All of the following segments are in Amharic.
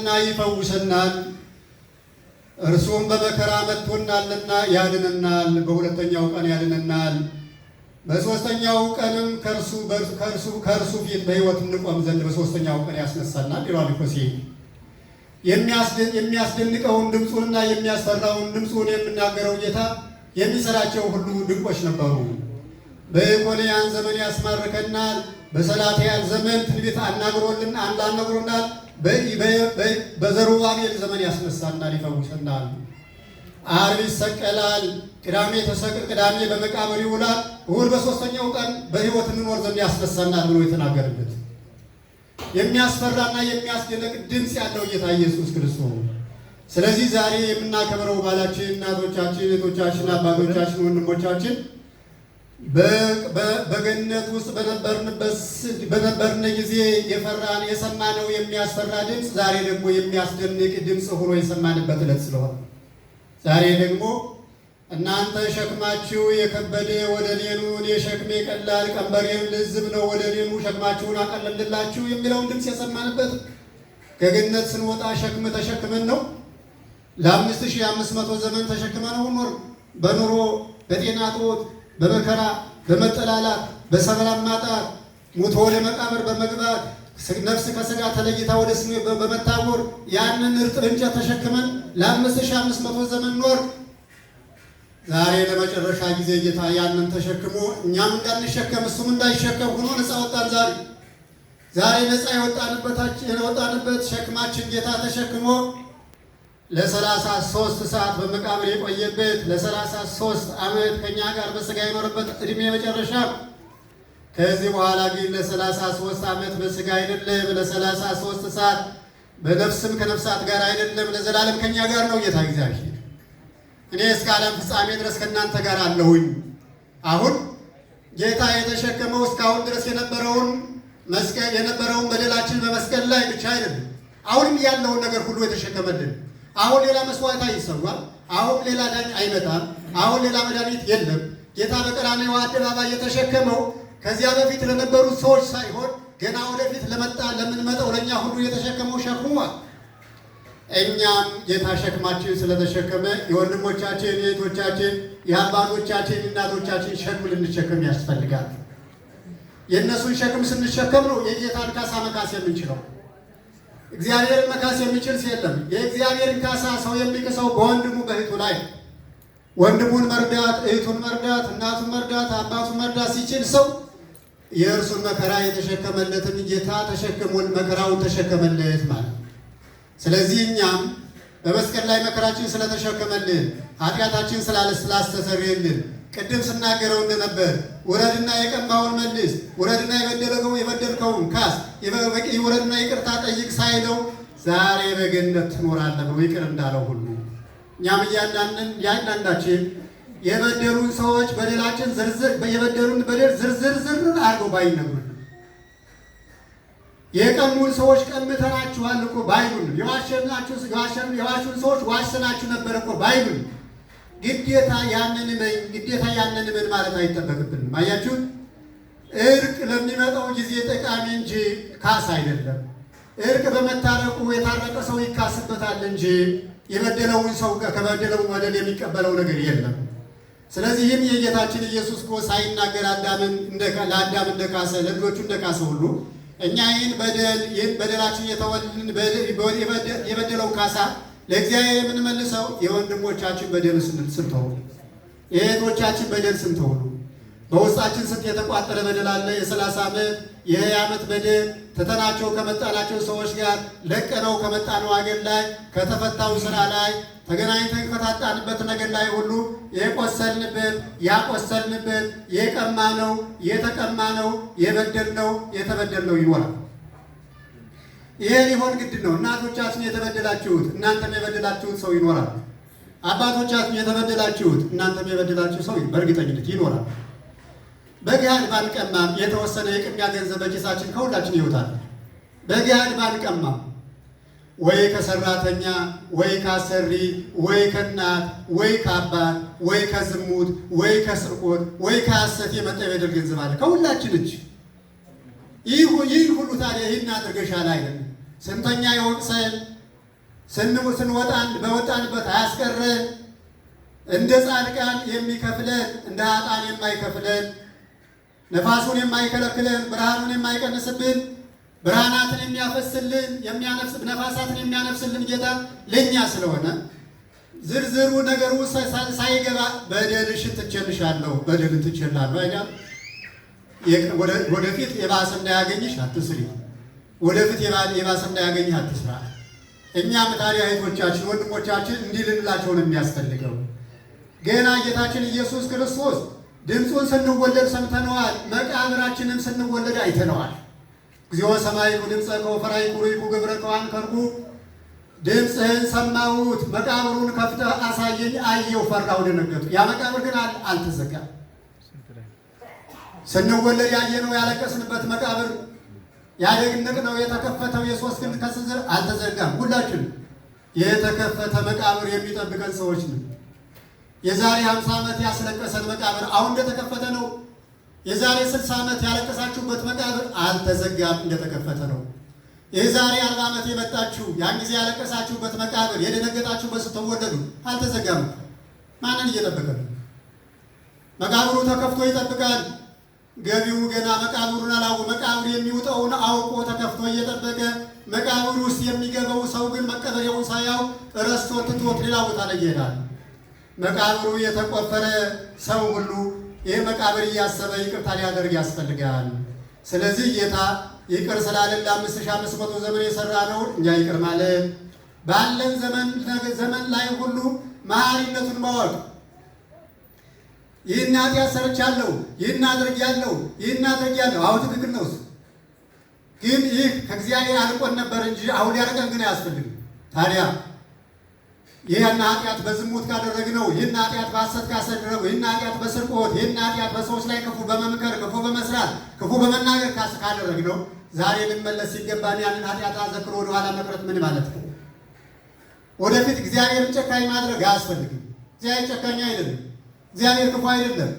እና ይፈውሰናል። እርሱም በመከራ መጥቶናልና ያድነናል። በሁለተኛው ቀን ያድነናል። በሶስተኛው ቀንም ከእርሱ ከእርሱ ከእርሱ ፊት በሕይወት እንቆም ዘንድ በሶስተኛው ቀን ያስነሳናል ይሏል ሆሴ። የሚያስደንቀውን ድምፁንና የሚያስፈራውን ድምፁን የምናገረው ጌታ የሚሰራቸው ሁሉ ድንቆች ነበሩ። በኢኮንያን ዘመን ያስማርከናል። በሰላትያል ዘመን ትንቢት አናግሮልን አንዳናግሮናል በዘሩባቤል ዘመን ያስነሳናል፣ ይፈውሰናል። ዓርብ ይሰቀላል፣ ቅዳሜ ተሰቅል፣ ቅዳሜ በመቃብር ይውላል፣ እሑድ በሦስተኛው ቀን በሕይወት እንኖር ዘንድ ያስነሳናል ብሎ የተናገረበት የሚያስፈራና የሚያስደነቅ ድምፅ ያለው ጌታ ኢየሱስ ክርስቶስ። ስለዚህ ዛሬ የምናከብረው ባላችን፣ እናቶቻችን፣ እህቶቻችን፣ አባቶቻችን፣ ወንድሞቻችን በገነት ውስጥ በነበርን ጊዜ የፈራን የሰማነው የሚያስፈራ ድምፅ ዛሬ ደግሞ የሚያስደንቅ ድምፅ ሆኖ የሰማንበት ዕለት ስለሆነ ዛሬ ደግሞ እናንተ ሸክማችሁ የከበደ ወደ እኔኑ እኔ ሸክሜ ቀላል ቀንበሬም ልዝብ ነው ወደ እኔኑ ሸክማችሁን አቀለልላችሁ የሚለውን ድምፅ የሰማንበት ከገነት ስንወጣ ሸክም ተሸክመን ነው። ለአምስት ሺህ አምስት መቶ ዘመን ተሸክመ ነው ኖር በኑሮ በጤና ጦት በመከራ በመጠላላት በሰላም ማጣት ሙቶ ወደ መቃብር በመግባት ነፍስ ከስጋ ተለይታ ወደ ስሜ በመታወር ያንን እርጥብ እንጨት ተሸክመን ለአምስት ሺህ አምስት መቶ ዘመን ኖር። ዛሬ ለመጨረሻ ጊዜ ጌታ ያንን ተሸክሞ እኛም እንዳንሸከም እሱም እንዳይሸከም ሆኖ ነፃ ወጣን። ዛሬ ዛሬ ነፃ የወጣንበት ሸክማችን ጌታ ተሸክሞ ለሰላሳ ሶስት ሰዓት በመቃብር የቆየበት ለሰላሳ ሶስት ዓመት ከእኛ ጋር በስጋ የኖረበት እድሜ መጨረሻ። ከዚህ በኋላ ግን ለሰላሳ ሶስት ዓመት በስጋ አይደለም፣ ለሰላሳ ሶስት ሰዓት በነፍስም ከነፍሳት ጋር አይደለም፣ ለዘላለም ከእኛ ጋር ነው ጌታ እግዚአብሔር። እኔ እስከ ዓለም ፍጻሜ ድረስ ከእናንተ ጋር አለሁኝ። አሁን ጌታ የተሸከመው እስካሁን ድረስ የነበረውን መስቀል የነበረውን በደላችን በመስቀል ላይ ብቻ አይደለም፣ አሁንም ያለውን ነገር ሁሉ የተሸከመልን አሁን ሌላ መስዋዕት ይሰዋል። አሁን ሌላ ዳኝ አይመጣም። አሁን ሌላ መድኃኒት የለም። ጌታ በቀራንዮ አደባባይ የተሸከመው ከዚያ በፊት ለነበሩት ሰዎች ሳይሆን ገና ወደፊት ለመጣ ለምንመጣው ለእኛ ሁሉ የተሸከመው ሸክሟል። እኛም ጌታ ሸክማችን ስለተሸከመ የወንድሞቻችን የእህቶቻችን፣ የአባቶቻችን፣ እናቶቻችን ሸክም ልንሸከም ያስፈልጋል። የእነሱን ሸክም ስንሸከም ነው የጌታን ካሳ መካስ የምንችለው። እግዚአብሔርን መካስ የሚችል የለም። የእግዚአብሔርን ካሳ ሰው የሚክሰው በወንድሙ በእህቱ ላይ ወንድሙን መርዳት፣ እህቱን መርዳት፣ እናቱን መርዳት፣ አባቱን መርዳት ሲችል ሰው የእርሱን መከራ የተሸከመለትን ጌታ ተሸክሞን መከራውን ተሸከመለት ማለት። ስለዚህ እኛም በመስቀል ላይ መከራችን ስለተሸከመልን ኃጢአታችን ስላስተሰርየልን ቅድም ስናገረው እንደነበር ውረድና የቀማውን መልስ፣ ውረድና የበደለከውን የበደልከውን ካስ፣ ውረድና ይቅርታ ጠይቅ ሳይለው ዛሬ በገነት ትኖራለህ ብሎ ይቅር እንዳለው ሁሉ እኛም እያንዳንድን እያንዳንዳችን የበደሉን ሰዎች በደላችን የበደሉን በደል ዝርዝር ዝርዝር አድርገው ባይነግሩንም የቀሙን ሰዎች ቀምተናችኋል እኮ ባይሉን የዋሸናችሁ የዋሹን ሰዎች ዋሸናችሁ ነበር እኮ ባይሉን ግዴታ ያንን መኝ ግዴታ ያንን ምን ማለት አይጠበቅብንም። አያችሁ እርቅ ለሚመጣው ጊዜ ጠቃሚ እንጂ ካስ አይደለም። እርቅ በመታረቁ የታረቀ ሰው ይካስበታል እንጂ የበደለውን ሰው ከበደለው ወደል የሚቀበለው ነገር የለም። ይህም የጌታችን ኢየሱስ ክርስቶስ ሳይናገር ለአዳም እንደካሰ ለልጆቹ እንደካሰ ሁሉ እኛ ይህን በደል ይህን በደላችን የተወልን የበደለው ካሳ ለእግዚአብሔር የምንመልሰው የወንድሞቻችን በደል ስንተውሉ፣ የእህቶቻችን በደል ስንተውሉ፣ በውስጣችን ስንት የተቋጠረ በደል አለ። የሰላሳ ዓመት የሀያ ዓመት በደል ትተናቸው ከመጣናቸው ሰዎች ጋር ለቀነው ከመጣነው አገር ላይ ከተፈታው ስራ ላይ ተገናኝተን ከታጣንበት ነገር ላይ ሁሉ የቆሰልንበት ያቆሰልንበት የቀማነው የተቀማነው የበደልነው የተበደልነው ይኖራል። ይሄ ሊሆን ግድ ነው። እናቶቻችን የተበደላችሁት እናንተም የበደላችሁት ሰው ይኖራል። አባቶቻችን የተበደላችሁት እናንተም የበደላችሁ ሰው በእርግጠኝነት ይኖራል። በገሃድ ባንቀማም የተወሰነ የቅሚያ ገንዘብ በኪሳችን ከሁላችን ይወጣል። በገሃድ ባንቀማም ወይ ከሰራተኛ ወይ ከአሰሪ ወይ ከእናት ወይ ከአባት ወይ ከዝሙት ወይ ከስርቆት ወይ ከሐሰት የመጣ የበደል ገንዘብ አለ ከሁላችን እጅ ይህ ሁሉ ታዲያ ይህን አድርገሻል አይደለም ስንተኛ ይወቅሰን፣ ስንወጣን በወጣንበት አያስቀረን፣ እንደ ጻድቃን የሚከፍለን እንደ ኃጥአን የማይከፍለን፣ ነፋሱን የማይከለክለን፣ ብርሃኑን የማይቀንስብን፣ ብርሃናትን የሚያፈስልን የሚያነፍስ ነፋሳትን የሚያነፍስልን ጌታ ለእኛ ስለሆነ ዝርዝሩ ነገሩ ሳይገባ በደልሽን ትችልሻለሁ በደል ትችላለሁ ወደፊት የባሰ እንዳያገኝሽ አትስሪ። ወደፊት የባሰ እንዳያገኝህ አትስራ። እኛ ታዲያ እህቶቻችን፣ ወንድሞቻችን እንዲህ ልንላቸው ነው የሚያስፈልገው። ገና ጌታችን ኢየሱስ ክርስቶስ ድምፁን ስንወለድ ሰምተነዋል፣ መቃብራችንም ስንወለድ አይተነዋል። እግዚኦ ሰማይኩ ድምፀ ከወፈራይ ርኢኩ ግብረ ከዋን ከርኩ ድምፅህን ሰማሁት፣ መቃብሩን ከፍተህ አሳየኝ፣ አየሁ፣ ፈራሁ፣ ደነገጥኩ። ያ መቃብር ግን አልተዘጋም። ስንወለድ ያየነው ያለቀስንበት መቃብር ያደግንቅ ነው የተከፈተው የሶስት ክንድ ከስንዝር አልተዘጋም። ሁላችን የተከፈተ መቃብር የሚጠብቀን ሰዎች ነው። የዛሬ 50 ዓመት ያስለቀሰን መቃብር አሁን እንደተከፈተ ነው። የዛሬ 60 ዓመት ያለቀሳችሁበት መቃብር አልተዘጋም፣ እንደተከፈተ ነው። የዛሬ አርባ ዓመት የመጣችሁ ያን ጊዜ ያለቀሳችሁበት መቃብር የደነገጣችሁበት ስትወለዱ አልተዘጋም። ማንን እየጠበቀ ነው? መቃብሩ ተከፍቶ ይጠብቃል። ገቢው ገና መቃብሩን አላወቀ። መቃብር የሚውጠውን አውቆ ተከፍቶ እየጠበቀ መቃብር ውስጥ የሚገባው ሰው ግን መቀበሪያውን ሳያው ረስቶ ትቶት ሌላ ቦታ ላይ ይሄዳል። መቃብሩ የተቆፈረ ሰው ሁሉ ይህ መቃብር እያሰበ ይቅርታ ሊያደርግ ያስፈልጋል። ስለዚህ ጌታ ይቅር ስላለን ለአምስት ሺህ አምስት መቶ ዘመን የሰራ ነው እኛ ይቅር ማለት ባለን ዘመን ላይ ሁሉ መሀሪነቱን ማወቅ ይህን ኃጢአት ሰርቻለሁ፣ ይህን አድርጌያለሁ፣ ይህን አድርጌያለሁ። ትክክል ነው። ግን ይህ ከእግዚአብሔር አልቆን ነበር እንጂ አሁን ያርቀን ግን አያስፈልግም። ታዲያ ይህን ኃጢአት በዝሙት ካደረግነው፣ ይህን ኃጢአት በሐሰት ካሰደረግነው፣ ይህን ኃጢአት በስርቆት፣ ይህን ኃጢአት በሰዎች ላይ ክፉ በመምከር ክፉ በመስራት ክፉ በመናገር ካደረግነው ዛሬ ልንመለስ ሲገባን ያንን ኃጢአት አዘክሮ ወደኋላ መቅረት ምን ማለት ነው? ወደፊት እግዚአብሔርን ጨካኝ ማድረግ አያስፈልግም። እግዚአብሔር ጨካኝ አይደለም። እግዚአብሔር ክፉ አይደለም።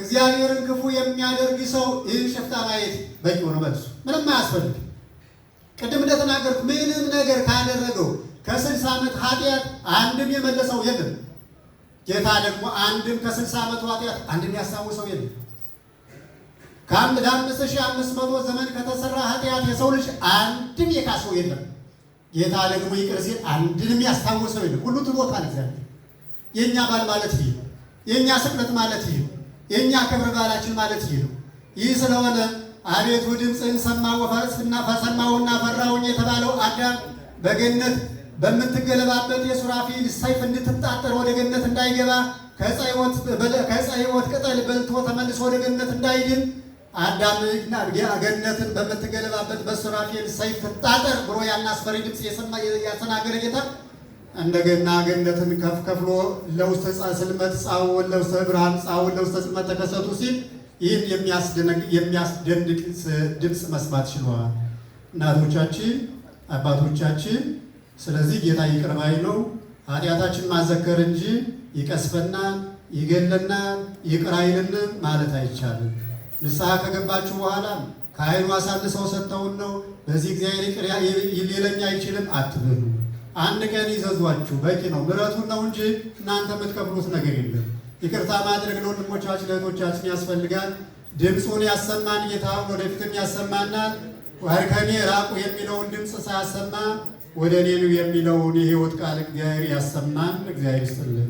እግዚአብሔርን ክፉ የሚያደርግ ሰው ይህን ሽፍታ ማየት በቂ ሆነ። መልሱ ምንም አያስፈልግ። ቅድም እንደተናገርኩ ምንም ነገር ካደረገው ከስልሳ ዓመት ኃጢአት አንድም የመለሰው የለም። ጌታ ደግሞ አንድም ከስልሳ ዓመቱ ኃጢአት አንድም ያስታውሰው የለም። ከአንድ ለአምስት ሺህ አምስት መቶ ዘመን ከተሰራ ኃጢአት የሰው ልጅ አንድም የካሰው የለም። ጌታ ደግሞ ይቅር ሲል አንድንም ያስታውሰው የለም። ሁሉ ትቦታል። እግዚአብሔር የእኛ ባል ማለት ይህ የእኛ ስቅለት ማለት ይህ ነው። የእኛ ክብረ በዓላችን ማለት ይህ ነው። ይህ ስለሆነ አቤቱ ድምፅህን ሰማሁ ፈሰማሁና ፈራሁኝ የተባለው አዳም በገነት በምትገለባበት የሱራፊል ሰይፍ እንድትጣጠር ወደ ገነት እንዳይገባ ከዕፀ ሕይወት ቅጠል በልቶ ተመልሶ ወደ ገነት እንዳይድን አዳም ገነትን በምትገለባበት በሱራፊል ሰይፍ ትጣጠር ብሎ ያናስፈሪ አስፈሪ የሰማ ያሰናገረ ጌታ እንደገና ገነትን ከፍከፍሎ ከፍሎ ለውስተ ስልመት ጻውን ለውስተ ብርሃን ጻውን ለውስተ ጽልመት ተከሰቱ ሲል ይህን የሚያስደንቅ ድምፅ መስማት ችሏል። እናቶቻችን፣ አባቶቻችን። ስለዚህ ጌታ ይቅር ባይ ነው። ኃጢአታችን ማዘከር እንጂ ይቀስፈናል፣ ይገለናል፣ ይቅር አይልንም ማለት አይቻልም። ንስሐ ከገባችሁ በኋላ ከአይኑ አሳልሰው ሰጥተውን ነው። በዚህ እግዚአብሔር ይቅር ሊለኝ አይችልም አትበሉ። አንድ ቀን ይዘዟችሁ በቂ ነው። ምሕረቱን ነው እንጂ እናንተ የምትከፍሉት ነገር የለም። ይቅርታ ማድረግ ለወንድሞቻችን ለእህቶቻችን ያስፈልጋል። ድምፁን ያሰማን ጌታ ወደፊትም ያሰማናል። ከእኔ ራቁ የሚለውን ድምፅ ሳያሰማ ወደ እኔ የሚለውን የህይወት ቃል እግዚአብሔር ያሰማን። እግዚአብሔር ይስጥልን።